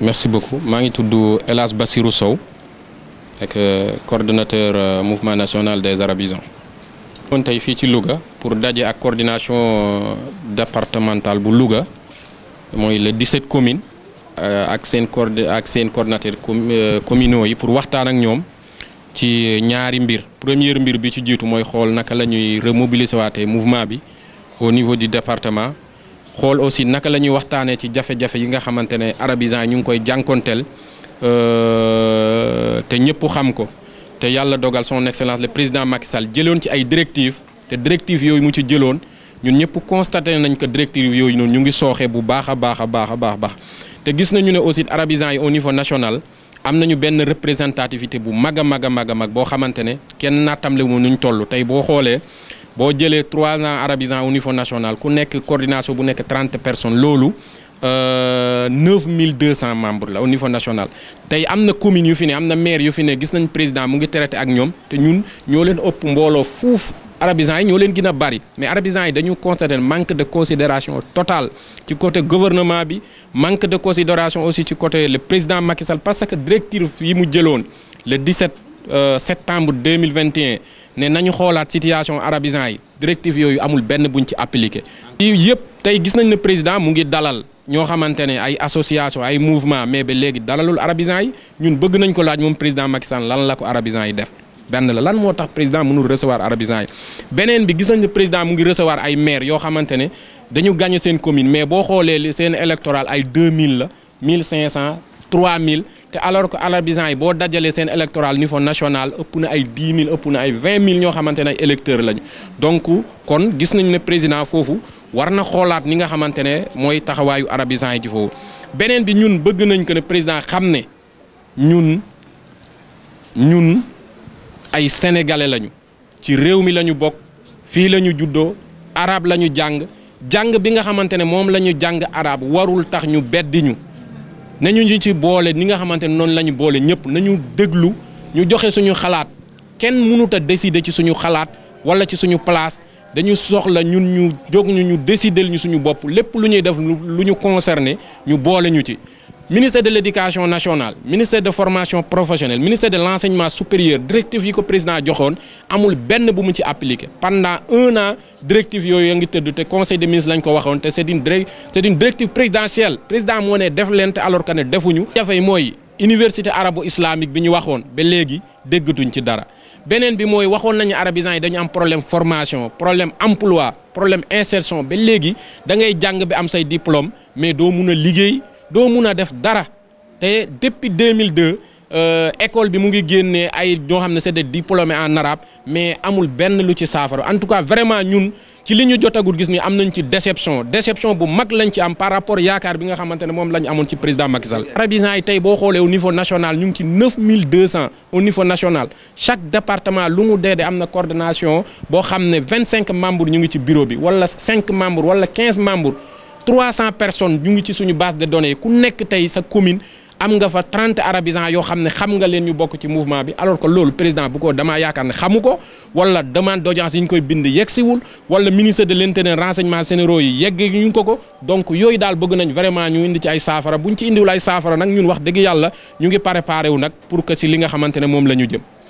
merci beaucoup maa ngi tudd El Hadj Bassirou Sow ak euh, coordonnateur euh, mouvement national des arabisons kon tey fii ci Louga pour daje ak coordination euh, départementale bu Louga mooy les 17 communes ak seen coord ak seen coordonnateur communaux yi pour waxtaan ak ñoom ci ñaari mbir première mbir bi ci jiitu mooy xool naka la ñuy remobiliser waatee mouvement bi au niveau du département. xool aussi naka la ñuy waxtaanee ci jafe-jafe yi nga xamante ne arabisants yi ñu ngi koy jànkonteel euh, te ñëpp xam ko te yàlla dogal son excellence le président Macky Sall jëloon ci ay directives te directives yooyu mu ci jëloon ñun ñëpp constaté nañ ko directives yooyu noonu ñu ngi sooxee bu baax a baax a baax a baax te gis nañu ne aussi arabisants yi au niveau national am nañu benn représentativité bu mag a mag a mag a mag boo xamante ne kenn naattamle mu nuñ toll tey boo xoolee. boo jëlee trois ans arabisants au niveau national ku nekk coordination bu nekk trente personnes loolu euh, neuf mille deux cent membres la au niveau national tey am na commune yu fi ne am na maire yu fi ne gis nañ président mu ngi traité ak ñoom te ñun ñoo leen ëpp mbooloo fuuf arabisants yi ñoo leen gën a bari mais arabisants yi dañu constater manque de considération total ci côté gouvernement bi manque de considération aussi ci côté le président Macky Sall parce que directive yi mu jëloon le 17 Euh, septembre 2021 ne nañu xoolaat situation arabisants yi directive yooyu amul benn buñ ci appliqué. yii yëpp tey gis nañ ne président mu ngi dalal ñoo xamante ne ay association ay mouvement mais ba léegi dalalul arabisants yi ñun bëgg nañ ko laaj moom président Macky lan la ko arabisants yi def. benn la lan moo tax président mënul recevoir arabisants yi beneen bi gis nañ ne président mu ngi recevoir ay maires yoo xamante ne dañu gagné seen commune mais boo xoolee seen électoral ay 2000 la 1500 3000. te alors que arabisan yi boo dajalee seen électoral niveau national ëpp na ay dix mille ëpp na ay vingt mille ñoo xamante ne ay électeurs lañu donc kon gis nañ ne président foofu war na xoolaat ni nga xamante ne mooy taxawaayu arabisan yi ci foofu beneen bi ñun bëgg nañ ko ne président xam ne ñun ñun ay sénégalais lañu ci réew mi lañu bokk fii la ñu juddoo arab lañu jàng jàng bi nga xamante ne moom la ñu jàng arab warul tax ñu beddi ñu nañu ñu ci boole ni nga xamante ne noonu la ñu boole ñëpp nañu déglu ñu joxe suñu xalaat kenn mënuta a décider ci suñu xalaat wala ci suñu place dañu soxla ñun ñu jóg ñu ñu décider ñu suñu bopp lépp lu ñuy def lu ñu concerné ñu boole ñu ci. ministère de l'éducation nationale ministère de formation professionnelle ministère de l'enseignement supérieur directive yi ko président joxoon amul benn bu mu ci appliqué pendant un an directive yooyu ya ngi tëdd te conseil des ministres lañ ko waxoon te c'est une direct c'est une directive présidentielle président moo ne def leen te alors que ne defuñu. jafe mooy université arabo-islamique bi ñu waxoon ba léegi déggatuñ ci dara. beneen bi mooy waxoon nañu arabisants yi dañu am problème formation problème emploi problème insertion ba léegi da ngay jàng bi am say diplôme mais doo mun a liggéey. doo mun a def dara te depuis 2002 euh, école bi mu ngi génnee ay ñoo xam ne c'est des diplômés en arabe mais amul benn lu ci saafara en tout cas vraiment ñun ci li ñu jotagul gis ni am nañ ci déception déception bu mag lañ ci am par rapport yaakaar bi nga xamante ne moom lañ amoon ci président Macky Sall. arabisants yi tey boo xoolee au niveau national ñu ngi ci 9200 au niveau national chaque département lu mu dee de am na coordination boo xam ne vingt cinq membre ñu ngi ci bureau bi wala 5 membres wala 15 membres. 300 personnes ñu ngi ci suñu base de données ku nekk tey sa commune am nga fa 30 arabisans yoo xam ne xam nga leen ñu bokk ci mouvement bi alors que loolu président bu ko damaa yaakaar ne xamu ko wala demande d'audience yi ñu koy bind yegsiwul wala ministre de l'intérieur renseignement généraux yi yegg ñu ko ko donc yooyu daal bëgg nañ vraiment ñu indi ci ay saafara bu ñu ci indiwul ay saafara nag ñun wax dëgg yàlla ñu ngi préparé wu pour que si li nga xamante ne moom la ñu jëm.